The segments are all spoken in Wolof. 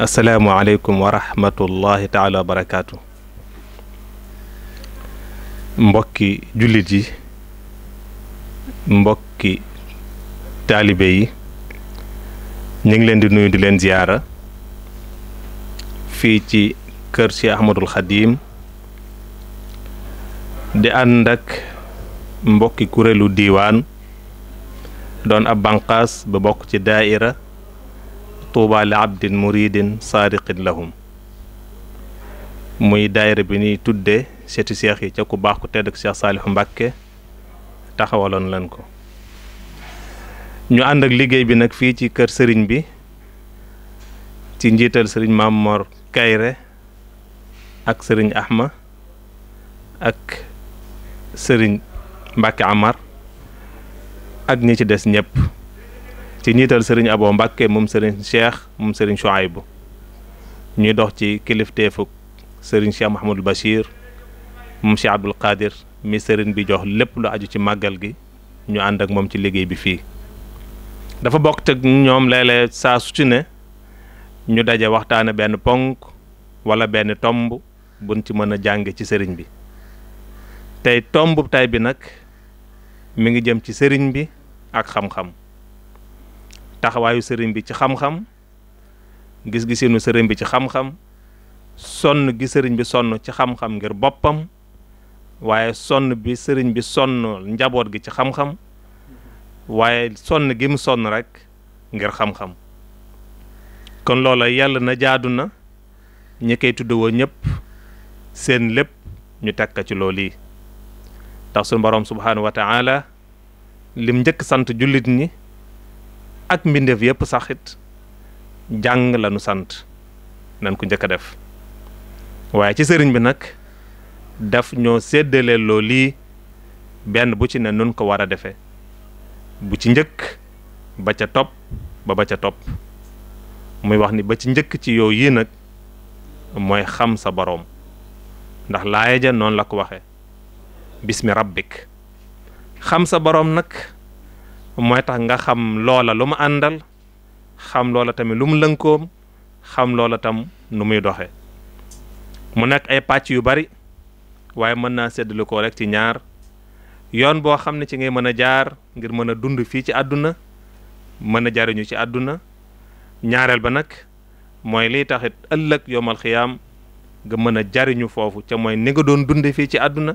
السلام عليكم ورحمة الله تعالى وبركاته مبكي جلدي مبكي تالي ñu ngi leen di nuyu di leen ziyaara fii ci kër si Ahmadul Xadim di ànd ak mbokki kuréelu diiwaan doon ab banqaas ba bokk ci daaira tuuba li abdin muridin saadiqin lahum muy daayira bi ñuy tudde seeti seex yi ca ku baax ku tedd ak Seex Saalixu Mbàkke taxawaloon leen ko ñu ànd ak liggéey bi nag fii ci kër sëriñ bi ci njiital sëriñ Maam Mor Kayre ak sëriñ Ahma ak sëriñ Mbacke Amar ak ñi ci des ñëpp ci njiital sëriñ Abo Mbacke moom sëriñ Cheikh moom sëriñ Chouaïbou ñuy dox ci kilifteefuk sëriñ Cheikh Mahamadul Bachir moom Cheikh Abdoul Qadir mi sëriñ bi jox lépp lu aju ci màggal gi ñu ànd ak moom ci liggéey bi fii dafa bokk teg ñoom léeg-léeg saa su ci ne ñu daje waxtaane benn ponk wala benn tomb buñ ci mën a jànge ci sëriñ bi tey tomb tay bi nag mi ngi jëm ci sëriñ bi ak xam-xam taxawaayu sëriñ bi ci xam-xam gis-gisinu sëriñ bi ci xam-xam sonn gi sëriñ bi sonn ci xam-xam ngir boppam waaye sonn bi sëriñ bi sonn njaboot gi ci xam-xam waaye sonn gi mu sonn rek ngir xam-xam kon loola yàlla na jaadu na ñi koy tuddewoo ñëpp seen lépp ñu tekka ci loolu yi tax suñu borom subhaanahu wa taala lim njëkk sant jullit ni ak mbindeef yëpp saxit jàng lanu sant nan ko njëkk a def waaye ci sëriñ bi nag daf ñoo séddalee loolu yi benn bu ci ne nun ko war a defee bu ci njëkk ba ca topp ba ba ca topp muy wax ni ba ci njëkk ci yow yi nag mooy xam sa borom ndax laaya ja noonu la ko waxe bismi rabbik xam sa borom nag mooy tax nga xam loola lu mu xam loola tamit lu mu xam loola tam nu muy doxe mu nekk ay pàcc yu bari waaye mën naa séddale ko rek ci ñaar yoon boo xam ne ci ngay mën jaar ngir mën a dund fii ci àdduna mën a jariñu ci àdduna ñaareel ba nag mooy liy taxit ëllëg yomal xiyaam nga mën a jariñu foofu ca mooy ni nga doon dunde fii ci àdduna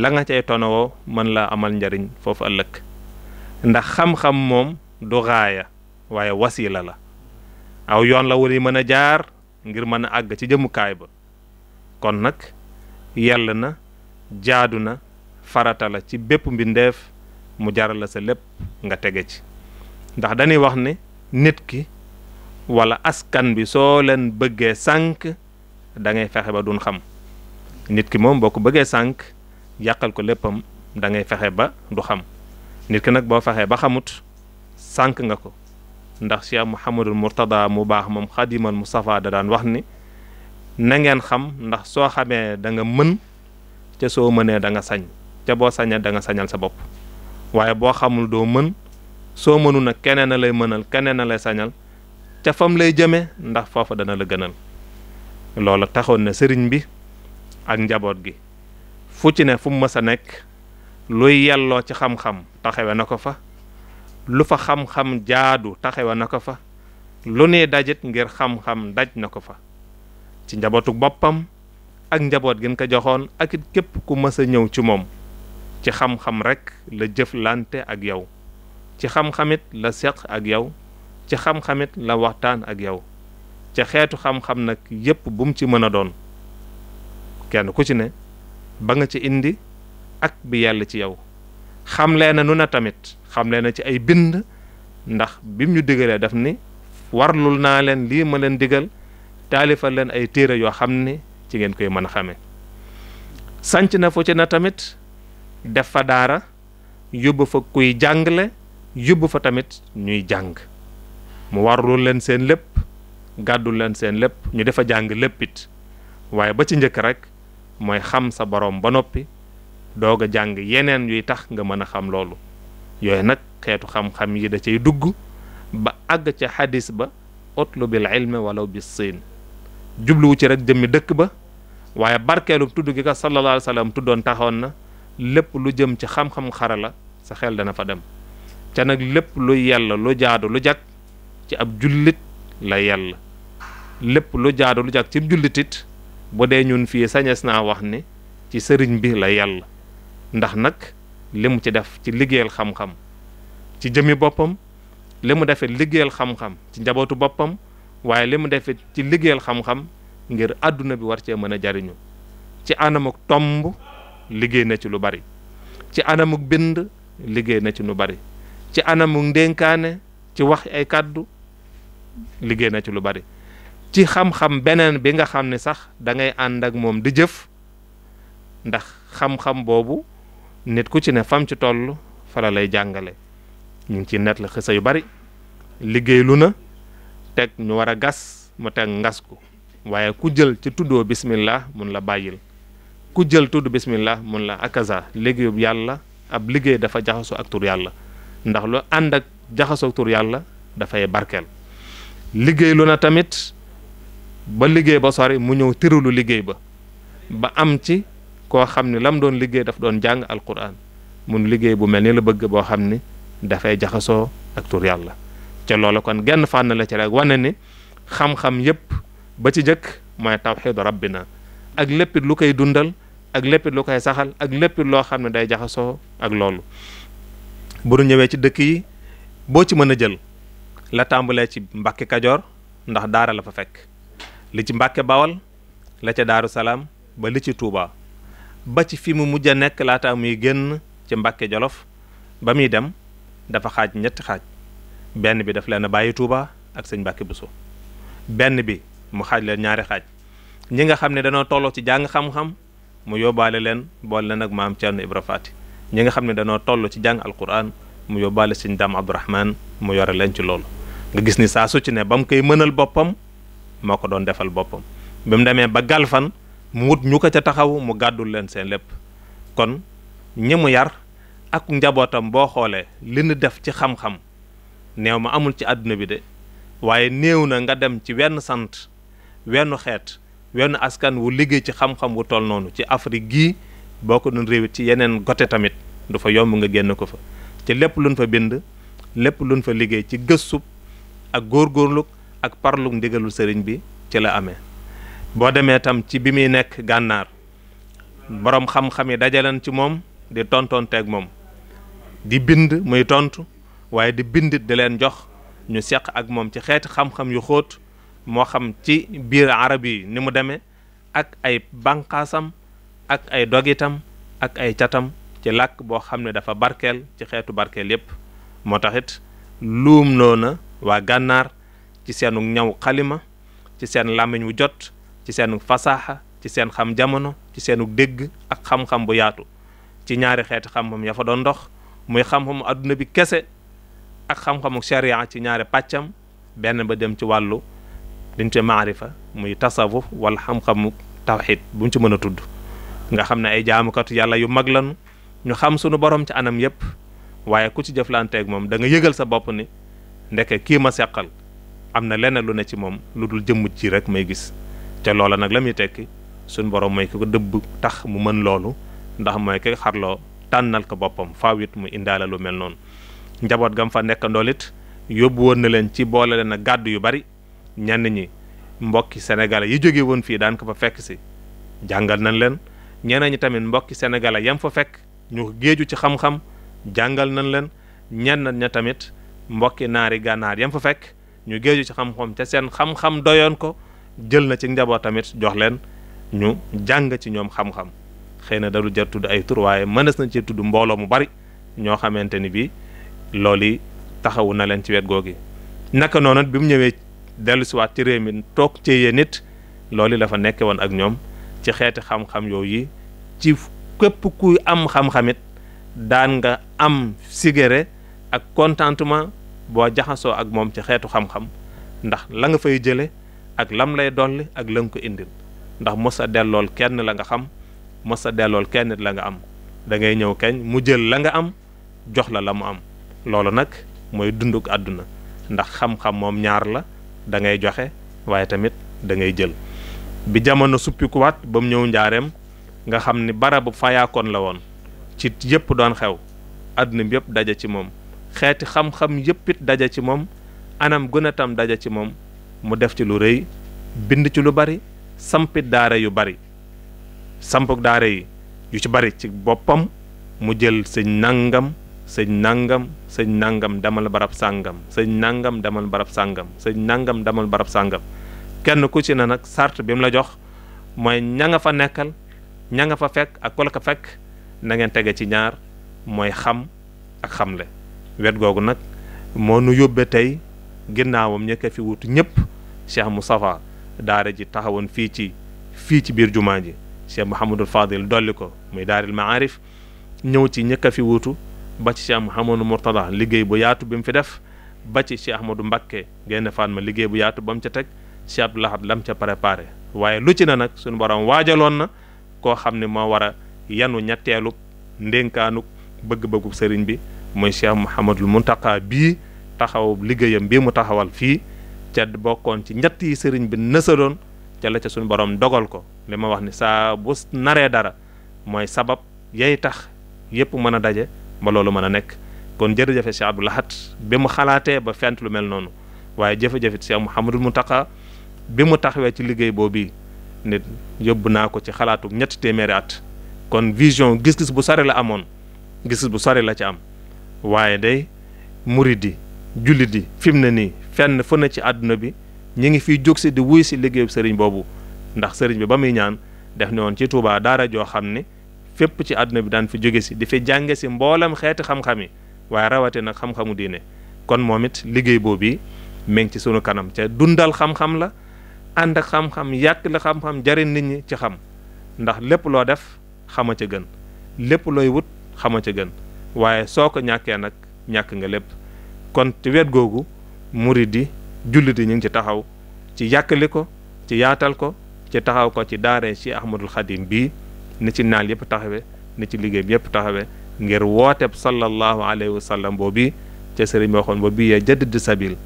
la nga cay tonawoo mën laa amal njariñ foofu ëllëg ndax xam-xam moom du gaaya waaye wasiila la aw yoon la wuri mën a jaar ngir mën a àgg ci jëmukaay ba kon nag yell na jaadu na farata la ci bépp mbindeef mu jaral la sa lepp nga tege ci ndax dañuy wax ne nit ki wala askan bi soo leen bëggee sànk da ngay fexe ba duñ xam nit ki moom boo ko bëggee sànk yàqal ko léppam da ngay fexe ba du xam nit ki nag boo fexee ba xamut sànk nga ko ndax Cheikh Mouhamadul murtada mu baax moom xadimal Mustafa da daan wax ni na ngeen xam ndax soo xamee da nga mën ca soo mënee da nga sañ ca boo sañee da nga sañal sa bopp waaye boo xamul doo mën soo mënu nag keneen a lay mënal keneen a lay sañal ca fam lay jëme ndax foofa dana la gënal loola taxoon na sëriñ bi ak njaboot gi fu ci ne fu mu mës a nekk luy yelloo ci xam-xam taxawe na ko fa lu fa xam-xam jaadu taxawe na ko fa lu ne dajit ngir xam-xam daj na ko fa ci njabootu boppam ak njaboot gin ko joxoon ak it képp ku mës a ñëw ci moom ci xam-xam rek la jëflante ak yow ci xam-xamit la seq ak yow ci xam-xamit la waxtaan ak yow ca xeetu xam-xam nag yépp bu ci mën a doon kenn ku ci ne ba nga ci indi ak bi yàlla ci yow xamle na nu na tamit xamle na ci ay bind ndax bim ñu digalee daf ni warlul naa leen lii ma leen digal taalifal leen ay téere yoo xam ni ci ngeen koy mën a xamee sanc na fu ci na tamit def fa daara yóbbu fa kuy jàngale yóbbu fa tamit ñuy jàng mu warlu leen seen lépp gàddul leen seen lépp ñu defa jàng lépp it waaye ba ci njëkk rekk mooy xam sa borom ba noppi doog a jàng yeneen yuy tax nga mën a xam loolu yooyu nag xeetu xam-xam yi da ciy dugg ba àgg ca xadis ba otlu bil ilmi walaw bi siin jubluwu ci rek jëmmi dëkk ba waaye barkeelum tudd gi ka sallallahu alayhi tuddoon taxoon na lépp lu jëm ci xam-xam xarala sa xel dana fa dem ca nag lépp lu yàlla lu jaadu lu jàkk ci ab jullit la yàlla lépp lu jaadu lu jag ci ab jullitit bu dee ñun fii sañes naa wax ni ci sëriñ bi la yàlla ndax nag li mu ci def ci liggéeyal xam-xam ci jëmi boppam limu mu defee liggéeyal xam-xam ci njabootu boppam waaye li mu defee ci liggéeyal xam-xam ngir àdduna bi war cee mën a jariñu ci anam tomb liggéey na ci lu bari ci anamuk bind liggéey na ci lu bari ci anamuk ndénkaane ci wax ay kàddu liggéey na ci lu bari ci xam-xam beneen bi nga xam ne sax dangay ànd ak moom di jëf ndax xam-xam boobu nit ku ci ne fam ci toll fala jàngale ñu ngi ci net la xësa yu bari liggéey lu na teg ñu war a gas mu teg ngas ko waaye ku jël ci tuddoo bismillah mun la bàyyil ku jël tudd bismillah mun la akaza liggéeyub yàlla ab liggéey dafa jaxasoo ak tur yàlla ndax lu ànd ak jaxasoo tur yàlla dafay barkeel liggéey lu na tamit ba liggéey ba sori mu ñëw tiralu liggéey ba ba am ci koo xam ne lam doon liggéey daf doon jàng alquran mun liggéey bu mel ni la bëgg boo xam ni dafay jaxasoo ak tur yàlla ca loola kon genn fànn la ci rek wane ni xam-xam yépp ba ci jëkk mooy tawxidu rabbina ak léppit lu koy dundal ak lépp lu koy saxal ak lépp loo xam ne day jaxasoo ak loolu bu ñu ñëwee ci dëkk yi boo ci mën a jël la tàmbalee ci Mbàkke Kajoor ndax daara la fa fekk li ci Mbàkke Bawal la ca Daaru Salaam ba li ci Tuubaa ba ci fi mu mujj a nekk laata muy génn ci Mbàkke Jolof ba muy dem dafa xaaj ñetti xaaj benn bi daf leen bàyyi Tuubaa ak sëñ Mbàkke Buso benn bi mu xaaj leen ñaari xaaj ñi nga xam ne danoo tolloo ci jàng xam-xam mu yóbbaale leen boole leen ak maam Thierno Ibra Faty ñi nga xam ne dañoo toll ci jàng alquran mu yóbbaale sëñ Daam Abdourahman mu yore leen ci loolu nga gis ni saa su ci ne ba mu koy mënal boppam moo ko doon defal boppam bi mu demee ba galfan mu wut ñu ko ca taxaw mu gàddul leen seen lépp kon ñi mu yar ak njabootam boo xoolee li nu def ci xam-xam néew ma amul ci àdduna bi de waaye néew na nga dem ci wenn sant wenn xeet wenn askan wu liggéey ci xam-xam wu toll noonu ci Afrique gii boo ko doon réewit ci yeneen gote tamit du fa yomb nga génn ko fa ci lépp luñ fa bind lépp luñ fa liggéey ci gëstu ak góorgóorlu ak parluk ndigalul sëriñ bi ci la amee boo demee tam ci bi muy nekk gànnaar boroom xam-xam yi dajaleen ci moom di tontonteeg moom di bind muy tontu waaye di bindit di leen jox ñu seq ak moom ci xeeti xam-xam yu xóot moo xam ci biir arab yi ni mu demee ak ay banqaasam ak ay dogitam ak ay catam ci làkk boo xam ne dafa barkeel ci xeetu barkeel yépp moo taxit luum noona waa gànnaar ci seenu ñaw xalima ci seen làmmiñ wu jot ci seenu fasaaxa ci seen xam jamono ci seenu dégg ak xam-xam bu yaatu ci ñaari xeeti xam-xam ya doon ndox muy xam-xamu adduna bi kese ak xam-xamu sharia ci ñaari pàccam benn ba dem ci wàllu liñ te maarifa muy tasawuf wala xam-xamu tawxid bu mu ci mën a tudd nga xam ne ay jaamukatu yàlla yu mag lañu ñu xam sunu borom ci anam yëpp waaye ku ci jëflanteeg moom da nga yëgal sa bopp ni ndeke kii ma seqal am na leneen lu ne ci moom lu dul jëmm ci rek may gis te loola nag la muy tekki sunu borom mooy ki ko dëbb tax mu mën loolu ndax mooy ki xarloo tànnal ko boppam faaw it mu indaale lu mel noonu njaboot gam fa nekk ndool yóbbu woon na leen ci boole leen gàddu yu bari ñenn ñi mbokki sénégalais yi jóge woon fii daan ko fa fekk si jàngal nañ leen ñeneen ñi tamit mbokki sénégalais yam fa fekk ñu géeju ci xam-xam jàngal nañ leen ñenn ña tamit mbokki naari gànnaar yam fa fekk ñu géeju ci xam ca seen xam-xam doyoon ko jël na ci njaboot tamit jox leen ñu jàng ci ñoom xam-xam xëy na dalu jar tudd ay tur waaye mënees nañ ci tudd mbooloo mu bari ñoo xamante ni bii loolu taxawu na leen ci wet googi naka noonu bi mu ñëwee dellu siwaat ci réew mi toog ci yéen it loolu la fa nekke woon ak ñoom ci xeeti xam-xam yooyu ci képp kuy am xam-xamit daan nga am sigéré ak contentement boo jaxasoo ak moom ci xeetu xam-xam ndax la nga fay jële ak lam lay dolli ak la nga ko indil ndax mos a dellool kenn la nga xam mos dellool kenn la nga am da ngay ñëw kañ mu jël la nga am jox la la mu am loolu nag mooy dund dunduk àdduna ndax xam-xam moom ñaar la da ngay joxe waaye tamit da ngay jël bi jamono suppikuwaat bam ñëw njaareem nga xam ni barabu fayaakoon la woon ci yëpp doon xew àdduna bi yëpp daja ci moom xeeti xam-xam yëpp it daja ci moom anam gën a tam daja ci moom mu def ci lu rëy bind ci lu bari sampit daara yu bari sampuk daara yi yu ci bari ci boppam mu jël sëñ nangam sëñ nangam sëñ nangam demal barab sàngam sëñ nangam demal barab sàngam sëñ nangam demal barab sàngam kenn ku ci ne nag sart bi la jox mooy ña nga fa nekkal ña nga fa fekk ak kola ko fekk na ngeen tege ci ñaar mooy xam ak xamle wet googu nag moo nu yóbbe tey ginnaawam ñëkk fi wutu ñëpp mu Moustapha daara ji taxawoon fii ci fii ci biir jumaa ji mu Mouhamadul Fadil dolli ko muy daaril maarif ñëw ci ñëkk fi wutu ba ci Cheikh Mouhamadou Mourtada liggéey bu yaatu bi mu fi def ba ci Cheikh du mbakke génn faat ma liggéey bu yaatu ba mu ca teg Cheikh Abdou lam ca préparé waaye lu ci na nag suñu borom waajaloon na koo xam ne moo war a yanu ñetteelub ndénkaanuk bëgg-bëggu sëriñ bi mooy Cheikh Mouhamadul Mountakha bii taxaw liggéeyam bii mu taxawal fii ca bokkoon ci ñett yi sëriñ bi nësaloon ca la ca suñu borom dogal ko li ma wax ni saa bu naree dara mooy sabab yay tax yépp mën a daje ba loolu mën a nekk kon jërëjëfe Cheikh Abdou Lahad bi mu xalaatee ba fent lu mel noonu waaye jafe-jafe Cheikh mu Mountakha bi mu taxawee ci liggéey boobu nit yóbbu naa ko ci xalaatu ñetti téeméeri at kon vision gis-gis bu sori la amoon gis-gis bu sori la ci am waaye day muri di jullit yi fi mu ne nii fenn fu ne ci àdduna bi ñu ngi fiy jóg di wuy si liggéeyu sëriñ boobu ndax sëriñ bi ba muy ñaan def ne woon ci tuubaa daara joo xam ni fépp ci àdduna bi daan fi jóge si di fi jànge si mboolam xeeti xam-xam yi waaye rawate nag xam-xamu diine kon moom it liggéey boobu mi ngi ci sunu kanam ca dundal xam-xam la ànd ak xam-xam yàq la xam-xam jariñ nit ñi ci xam ndax lépp loo def xama ca gën lépp looy wut xama ca gën waaye soo ko ñàkkee nag ñàkk nga lépp kon ci wet googu murid di jullit yi ñu ngi ci taxaw ci yàqali ko ci yaatal ko ci taxaw ko ci daare ci Ahmadul Xadim bii na ci naal yëpp taxawe na ci liggéey bi yëpp taxawe ngir wooteeb sallallahu alayhi wa sallam boobu ca sëriñ bi waxoon ba bi ya jaddid sabil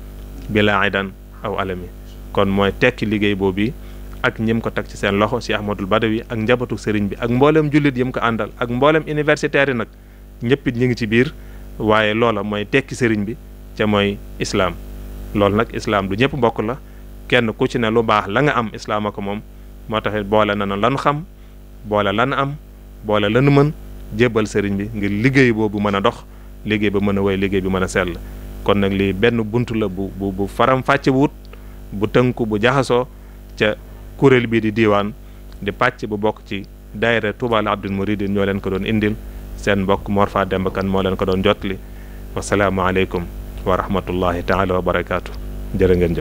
bila idan aw alami kon mooy tekki liggéey boobu ak ñim ko teg ci seen loxo si ahmadul badawi ak njabootu sëriñ bi ak mboolem jullit yi ko àndal ak mboolem universitaire yi nag ñëpp it ñu ngi ci biir waaye loola mooy tekki sëriñ bi ca mooy islaam loolu nag islaam du ñëpp mbokk la kenn ku ci ne lu baax la nga am islaam ak moom moo taxit boole na na lan xam boole lan am boole lan mën jébbal sëriñ bi ngir liggéey boobu mën a dox liggéey ba mën a woy liggéey bi mën a sell kon nag lii benn bunt la bu bu faram fàcce wut bu tënku bu jaxasoo ca kuréel bii di diiwaan di pàcc bu bokk ci daayira Tuubaa la Abdul Muridin ñoo leen ko doon indil seen mbokk Mor Faa Demba Kan moo leen ko doon jotli wasalaamualeykum wa rahmatullahi taala wa barakaatu jërë ngeen jëf